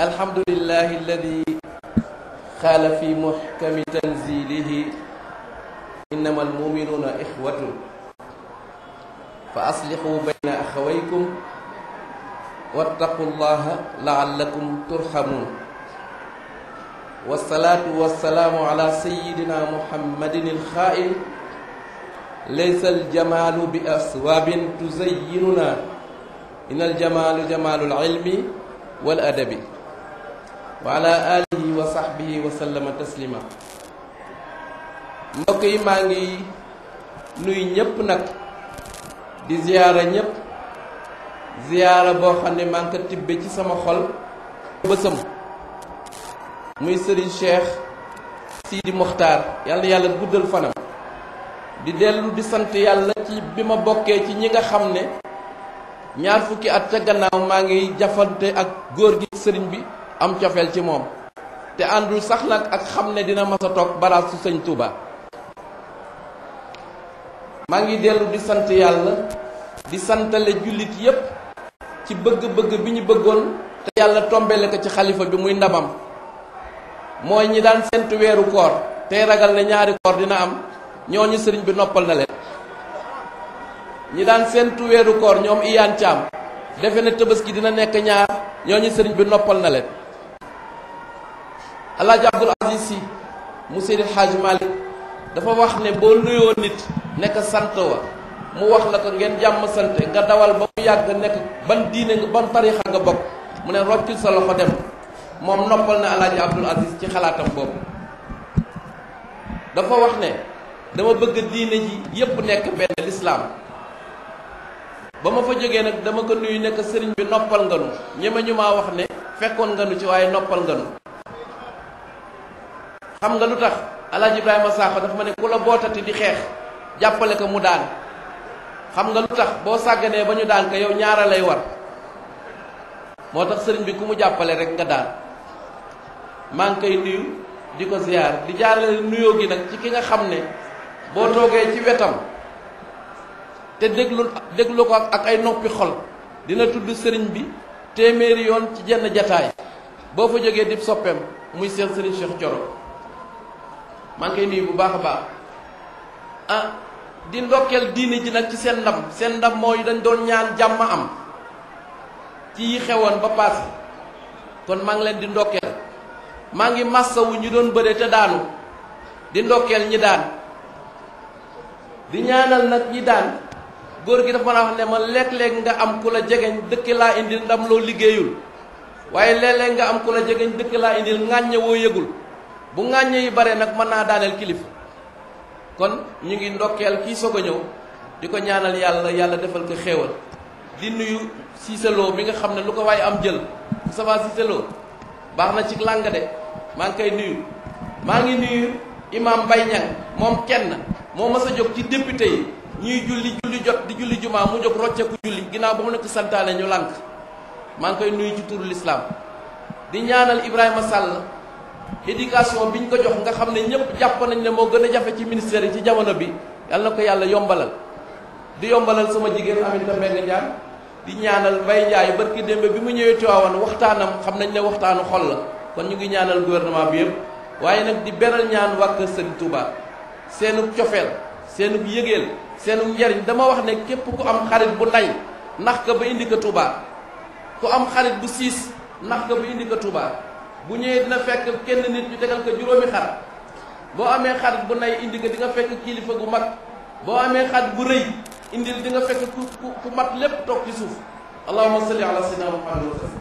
الحمد لله الذي قال في محكم تنزيله إنما المؤمنون إخوة فأصلحوا بين أخويكم واتقوا الله لعلكم ترحمون والصلاة والسلام على سيدنا محمد الخائن ليس الجمال بأسواب تزيننا إن الجمال جمال العلم والأدب wa ala alihi wa sahbihi wa mbokk yi maa ngi nuy ñépp nag di ziyaara ñépp ziyaara boo xam ne maa ngi ci sama xol bësëm muy sëriñ Cheikh Sidi Mokhtar yàlla yàlla guddal fanam di dellu di sant yàlla ci bi ma bokkee ci ñi nga xam ne ñaar fukki at ca gannaaw maa ngi jafante ak góor gi sëriñ bi am cofeel ci moom te àndul sax nag ak xam ne dina mas a toog baraas su sëñ maa ngi dellu di sant yàlla di santale jullit yépp ci bëgg-bëgg bi ñu bëggoon te yàlla tombele ko ci xalifa bi muy ndamam mooy ñi daan sentu weeru koor tey ragal ne ñaari koor dina am ñooñu sëriñ bi noppal na leen ñi daan sentu weeru koor ñoom iyaan caam defe ne tabaski dina nekk ñaar ñooñu sëriñ bi noppal na leen alaaji abdul aziz yi mu seydi xaaji malik dafa wax ne boo nuyoo nit nekk sant wa mu wax la ko ngeen jàmm sant nga dawal ba mu yàgg nekk ban diine nga ban tarixa nga bokk mu ne roccul sa loxo dem moom noppal na alaaji abdul aziz ci xalaatam boobu dafa wax ne dama bëgg diine ji yépp nekk benn lislaam ba ma fa jógee nag dama ko nuyu nekk sëriñ bi noppal nga nu ñeme ñu maa wax ne fekkoon nga nu ci waaye noppal nga nu xam nga lu tax alaaji Ibrahima Sakho dafa ma ne ku la bootati di xeex jàppale ko mu daan xam nga lu tax boo sàgganee ba ñu daan ko yow ñaara lay war moo tax sëriñ bi ku mu jàppale rek nga daan maa ngi koy di ko ziyaar di jaarale nuyoo gi nag ci ki nga xam ne boo toogee ci wetam te déglu déglu ko ak ay noppi xol dina tudd sëriñ bi téeméeri yoon ci jenn jataay boo fa jógee dib soppeem muy seen sëriñ Cheikh Thioro maa ngi nuyu bu baax a baax ah di ndokkeel diine ji nag ci seen ndam seen ndam mooy dañ doon ñaan jàmm am ci yi xewoon ba paase kon maa ngi leen di ndokkeel maa ngi massawu ñu doon bëre te daanu di ndokkeel ñi daan di ñaanal nag ñi daan góor gi dafa mën a ne ma léeg-léeg nga am ku la jegeñ dëkk laa indil ndam loo liggéeyul waaye léeg-léeg nga am ku la jegeñ dëkk laa indil ŋàññe woo yëgul bu ŋàññe yi bare nag mën naa daaneel kilifa kon ñu ngi ndokkeel kii sog a ñëw di ko ñaanal yàlla yàlla defal ko xéewal di nuyu siiseloo bi nga xam ne lu ko waaye am jël Moustapha siiseloo baax na ci làng maa ngi koy nuyu maa ngi nuyu imam Mbaye Niang moom kenn moo mas a jóg ci député yi ñuy julli julli jot di julli jumaa mu jóg rocceeku julli ginnaaw ba mu nekk santaane ñu lànk maa ngi koy nuyu ci turu lislaam di ñaanal Ibrahima Sall éducation bi ñu ko jox nga xam ne ñëpp jàpp nañ ne moo gën a jafe ci ministère yi ci jamono bi yal na ko yàlla yombalal di yombalal sama jigéen Aminata Mbengue Ndiaye di ñaanal Mbaye Ndiaye barki démb bi mu ñëwee Tiwaawan waxtaanam xam nañ ne waxtaanu xol la kon ñu ngi ñaanal gouvernement bi yëpp waaye nag di beral ñaan waa Kër Sëriñ Touba seenug cofeel seenug yëgeel seenug njariñ dama wax ne képp ku am xarit bu nay nax ko ba indi ko Touba ku am xarit bu siis nax ko ba indi ko Touba bu ñëwee dina fekk kenn nit ñu tegal ko juróomi xar boo amee xar bu nay indi ko di fekk kiilifa gu mag boo amee xat bu rëy indi di nga fekk ku ku mag lépp toog ci suuf allahumma salli ala sayyidina muhammad wa sallam